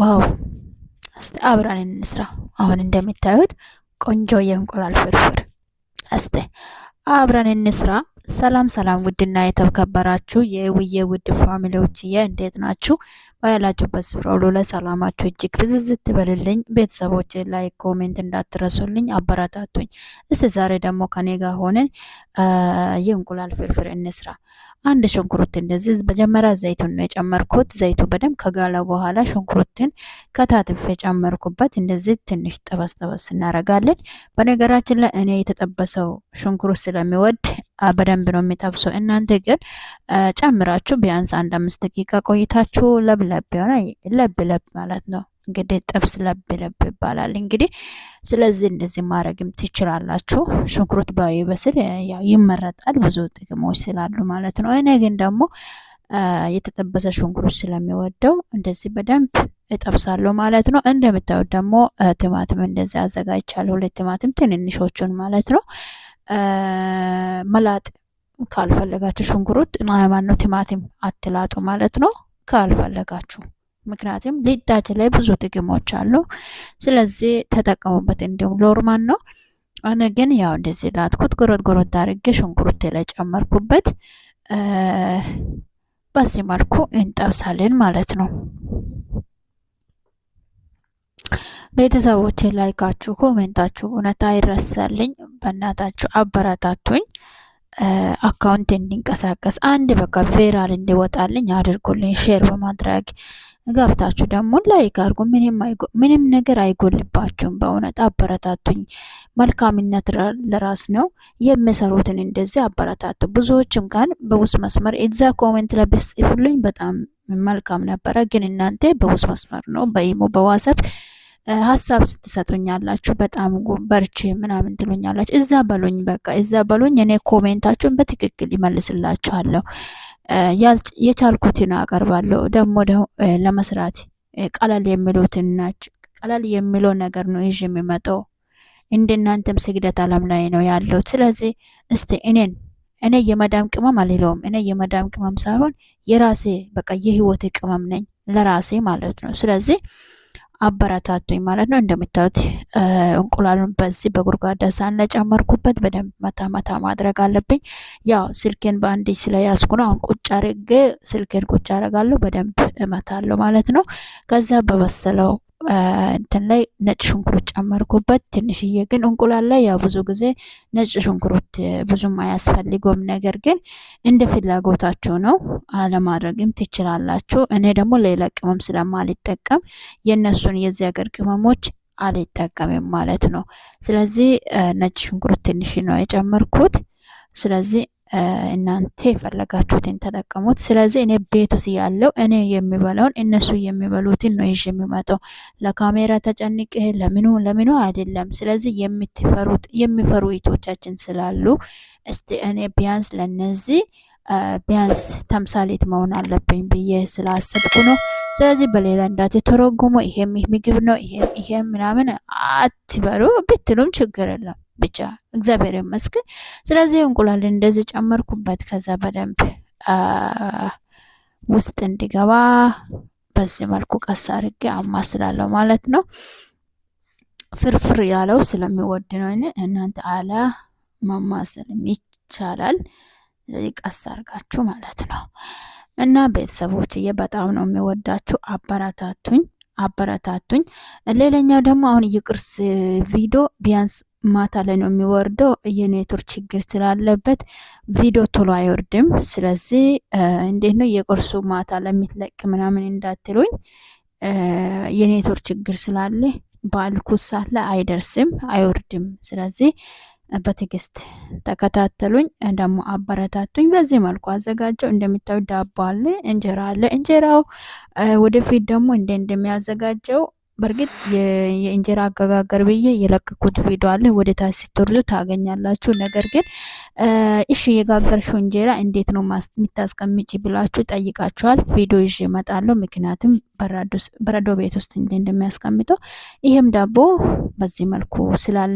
ዋው! እስቲ አብረን እንስራ። አሁን እንደምታዩት ቆንጆ የእንቁላል ፍርፍር እስቲ አብረን እንስራ። ሰላም ሰላም ውድና የተከበራችሁ የውዬ ውድ ፋሚሊዎችዬ እንዴት ናችሁ? ባያላችሁበት ስፍራ ሁሉ ለሰላማችሁ እጅግ ፍዝዝት በልልኝ። ቤተሰቦች ላይ ኮሜንት እንዳትረሱልኝ፣ አበረታቱኝ። እስቲ ዛሬ ደግሞ ከኔ ጋር ሆነን የእንቁላል ፍርፍር እንስራ። አንድ ሽንኩርት እንደዚህ መጀመሪያ ዘይቱን ነው የጨመርኩት። ዘይቱ በደንብ ከጋለ በኋላ ሽንኩርትን ከታትፍ የጨመርኩበት እንደዚህ ትንሽ ጠበስ ጠበስ እናረጋለን። በነገራችን ላይ እኔ የተጠበሰው ሽንኩርት ስለሚወድ በደንብ ነው የሚጠብሰው። እናንተ ግን ጨምራችሁ ቢያንስ አንድ አምስት ደቂቃ ቆይታችሁ ለብለብ ሆነ ለብለብ ለብ ማለት ነው እንግዲህ ጥብስ ለብ ለብ ይባላል እንግዲህ። ስለዚህ እንደዚህ ማድረግም ትችላላችሁ። ሽንኩርት ባይበስል ያው ይመረጣል፣ ብዙ ጥቅሞች ስላሉ ማለት ነው። እኔ ግን ደግሞ የተጠበሰ ሽንኩርት ስለሚወደው እንደዚህ በደንብ እጠብሳለሁ ማለት ነው። እንደምታዩት ደግሞ ቲማቲም እንደዚህ አዘጋጅቻለሁ። ሁለት ቲማቲም ትንንሾቹን ማለት ነው። መላጥ ካልፈለጋችሁ ሽንኩርት ማነው ቲማቲም አትላጡ ማለት ነው ካልፈለጋችሁ ምክንያቱም ሊጣጭ ላይ ብዙ ጥቅሞች አሉ። ስለዚህ ተጠቀሙበት። እንዲሁም ሎርማን ነው። እኔ ግን ያው እንደዚህ ላትኩት ጎረድ ጎረድ አድርጌ ሽንኩርቴ ላይ ጨመርኩበት። በዚህ መልኩ እንጠብሳለን ማለት ነው። ቤተሰቦቼ ላይካችሁ፣ ኮሜንታችሁ እውነት አይረሳልኝ። በእናታችሁ አበረታቱኝ። አካውንት እንዲንቀሳቀስ አንድ በቃ ቬራል እንዲወጣልኝ አድርጉልኝ። ሼር በማድረግ ገብታችሁ ደግሞ ላይክ አድርጉ። ምንም ነገር አይጎልባችሁም። በእውነት አበረታቱኝ። መልካምነት ለራስ ነው። የምሰሩትን እንደዚህ አበረታቱ። ብዙዎችም ጋር በውስጥ መስመር እዛ ኮሜንት ላይ ብጽፉልኝ በጣም መልካም ነበረ፣ ግን እናንተ በውስጥ መስመር ነው በኢሞ በዋሰብ ሀሳብ ስትሰጡኛላችሁ በጣም በርቼ ምናምን ትሉኛላችሁ። እዛ በሎኝ በቃ እዛ በሎኝ። እኔ ኮሜንታችሁን በትክክል ይመልስላችኋለሁ። የቻልኩትን አቀርባለሁ። ደግሞ ለመስራት ቀላል የሚሉትን ናቸው። የሚለው ነገር ነው ይዥ የሚመጣው። እንደናንተም ስግደት አለም ላይ ነው ያለው። ስለዚህ እስቲ እኔን እኔ የመዳም ቅመም አልለውም። እኔ የመዳም ቅመም ሳይሆን የራሴ በቃ የህይወቴ ቅመም ነኝ ለራሴ ማለት ነው። ስለዚህ አበረታቱኝ ማለት ነው። እንደምታዩት እንቁላሉን በዚህ በጉድጓዳ ሳህን ላይ ጨመርኩበት። በደንብ መታ መታ ማድረግ አለብኝ። ያው ስልኬን በአንድ ስለያዝኩ ነው። አሁን ቁጭ አድርጌ ስልኬን ቁጭ አደርጋለሁ። በደንብ እመታለሁ ማለት ነው። ከዛ በበሰለው እንትን ላይ ነጭ ሽንኩርት ጨመርኩበት። ትንሽዬ ግን እንቁላል ላይ ያው ብዙ ጊዜ ነጭ ሽንኩርት ብዙም አያስፈልገውም። ነገር ግን እንደ ፍላጎታችሁ ነው፣ አለማድረግም ትችላላችሁ። እኔ ደግሞ ሌላ ቅመም ስለማልጠቀም የእነሱን የዚህ ሀገር ቅመሞች አልጠቀምም ማለት ነው። ስለዚህ ነጭ ሽንኩርት ትንሽ ነው የጨመርኩት። ስለዚህ እናንተ የፈለጋችሁትን ተጠቀሙት። ስለዚህ እኔ ቤት ውስጥ ያለው እኔ የሚበላውን እነሱ የሚበሉትን ነው ይዤ የሚመጣው። ለካሜራ ተጨንቄ ለምኑ ለምኑ አይደለም። ስለዚህ የምትፈሩት የሚፈሩ ይቶቻችን ስላሉ እስቲ እኔ ቢያንስ ለነዚህ ቢያንስ ተምሳሌት መሆን አለብኝ ብዬ ስላሰብኩ ነው። ስለዚህ በሌላ እንዳትተረጉሙ ይሄም ምግብ ነው ይሄም ምናምን አትበሉ ብትሉም ችግር የለም። ብቻ እግዚአብሔር ይመስገን። ስለዚህ እንቁላል እንደዚህ ጨመርኩበት። ከዛ በደንብ ውስጥ እንዲገባ በዚህ መልኩ ቀስ አድርጌ አማስላለሁ ማለት ነው። ፍርፍር ያለው ስለሚወድ ነው። እናንተ አለ ማማሰልም ይቻላል። ስለዚህ ቀስ አድርጋችሁ ማለት ነው። እና ቤተሰቦችዬ በጣም ነው የሚወዳችሁ። አበረታቱኝ አበረታቱኝ። ሌላኛው ደግሞ አሁን የቅርስ ቪዲዮ ቢያንስ ማታ ላይ ነው የሚወርደው። የኔትወርክ ችግር ስላለበት ቪዲዮ ቶሎ አይወርድም። ስለዚህ እንዴት ነው የቁርሱ ማታ ለሚትለቅ ምናምን እንዳትሉኝ፣ የኔትወርክ ችግር ስላለ ባልኩት ሰዓት ላይ አይደርስም፣ አይወርድም። ስለዚህ በትግስት ተከታተሉኝ፣ ደግሞ አበረታቱኝ። በዚህ መልኩ አዘጋጀው። እንደሚታዩ ዳቦ አለ፣ እንጀራ አለ። እንጀራው ወደፊት ደግሞ እንደ እንደሚያዘጋጀው በእርግጥ የእንጀራ አገጋገር ብዬ የለቀኩት ቪዲዮ አለ፣ ወደ ታች ስትወርዱ ታገኛላችሁ። ነገር ግን እሺ የጋገርሽው እንጀራ እንዴት ነው የምታስቀምጪ ብላችሁ ጠይቃችኋል። ቪዲዮ ይዤ እመጣለሁ፣ ምክንያቱም በረዶ ቤት ውስጥ እንደሚያስቀምጠው ይህም ዳቦ በዚህ መልኩ ስላለ